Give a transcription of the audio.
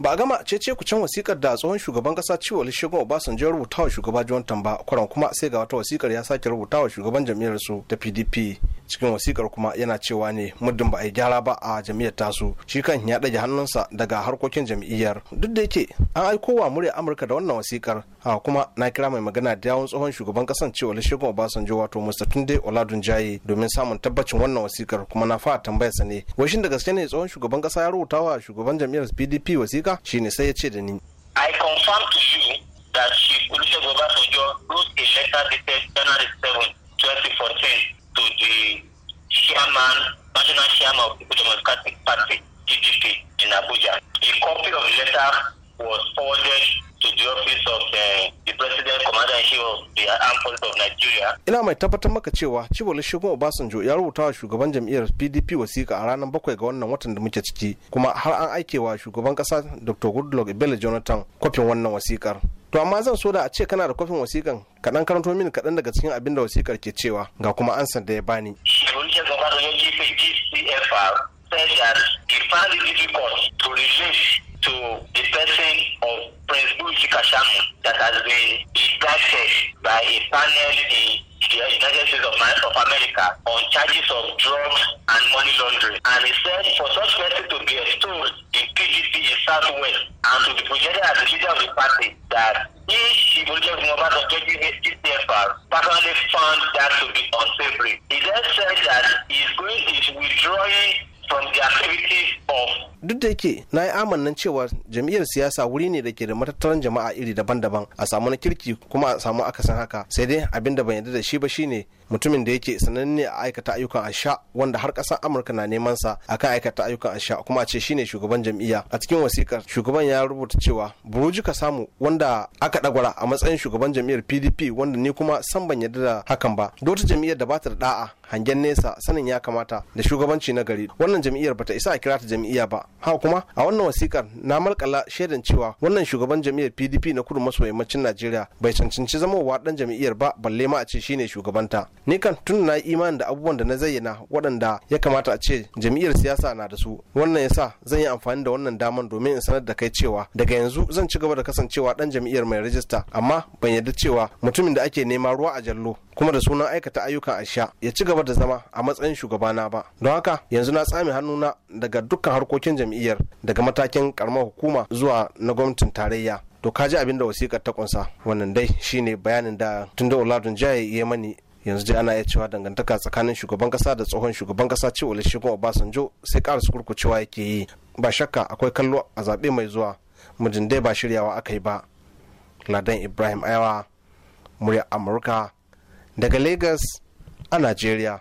ba a gama cece ku can wasikar da tsohon shugaban kasa ciwo olusegun obasanjo rubuta wa shugaba jonathan ba kwaran kuma sai ga wata wasikar ya sake rubuta wa shugaban jam'iyyar su ta pdp cikin wasikar kuma yana cewa ne muddin ba a yi gyara ba a jam'iyyar tasu shi kan ya ɗage hannunsa daga harkokin jam'iyyar duk da yake an aiko wa murya amurka da wannan wasikar a kuma na kira mai magana da yawun tsohon shugaban kasan cewa olusegun obasanjo wato mr tunde jaye domin samun tabbacin wannan wasikar kuma na fara tambayarsa ne washin da gaske ne tsohon shugaban kasa ya rubuta wa shugaban jam'iyyar pdp wasika shi ne sai ya ce da ni i confirm to you that she olusegun obasanjo wrote a letter dated january which was party GDP in Abuja. A copy of the letter was forwarded to the office of uh, the president commander in chief of the armed forces of Nigeria. Ina mai tabbatar maka cewa Chibole Shegun Obasanjo ya rubuta wa shugaban jam'iyyar PDP wasiƙa a ranar bakwai ga wannan watan da muke ciki kuma har an aike wa shugaban ƙasa Dr. Goodluck Ibele Jonathan kofin wannan wasiƙar. to amma zan so da a ce kana da kofin wasiƙan kaɗan karanto mini kaɗan daga cikin abin da wasikar ke cewa ga kuma ansan da ya bani. Shugaban gaba da yanki DFR said that he found it difficult to release to the person of Prince Buchi Kashamu that has been indicted by a panel in the United States of, America on charges of drugs and money laundering. And he said for such person to be extolled in PGP in Southwest and to be projected as the leader of the party that if Ibrahim Muhammad of DFR personally found that to be unsavory. He then said that he's going to activities of duk da yake na yi amannan cewa jam'iyyar siyasa wuri ne da ke da matattaran jama'a iri daban-daban a samu na kirki kuma a samu akasin haka sai dai abin da ban yarda da shi ba shine mutumin da yake sananne a aikata ayyukan asha wanda har kasar amurka na neman sa akan aikata ayyukan asha kuma a ce shine shugaban jam'iyya a cikin wasikar shugaban ya rubuta cewa buruji ka samu wanda aka dagwara a matsayin shugaban jam'iyyar pdp wanda ni kuma san ban yarda da hakan ba dota jam'iyyar da bata da da'a hangen nesa sanin ya kamata da shugabanci na gari wannan jam'iyyar bata isa a kira ta jam'iyya ba haka kuma a wannan wasikar na malkala shaidan cewa wannan shugaban jam'iyyar pdp na kudu maso yammacin najeriya bai cancanci zama zamowa dan jam'iyyar ba balle ma a ce shine shugabanta ni kan tun na imanin da abubuwan da na zayyana waɗanda ya kamata a ce jam'iyyar siyasa na da su wannan ya sa zan yi amfani da wannan daman domin in sanar da kai cewa daga yanzu zan ci gaba da kasancewa dan jam'iyyar mai rajista amma ban yarda cewa mutumin da ake nema ruwa a jallo kuma da sunan aikata ayyukan sha ya ci gaba da zama a matsayin shugabana ba don haka yanzu na tsame hannuna daga dukkan harkokin jam'iyyar daga matakin karamar hukuma zuwa na gwamnatin tarayya to ka ji abin da wasikar ta kunsa wannan dai shine bayanin da tunda oladun jaye ya mani yanzu dai ana iya cewa dangantaka tsakanin shugaban kasa da tsohon shugaban kasa ce olusegun obasanjo sai kara su kurkucewa yake yi ba shakka akwai kallo a zaɓe mai zuwa mujin dai ba shiryawa aka yi ba ladan ibrahim ayawa murya amurka daga Lagos a Nigeria.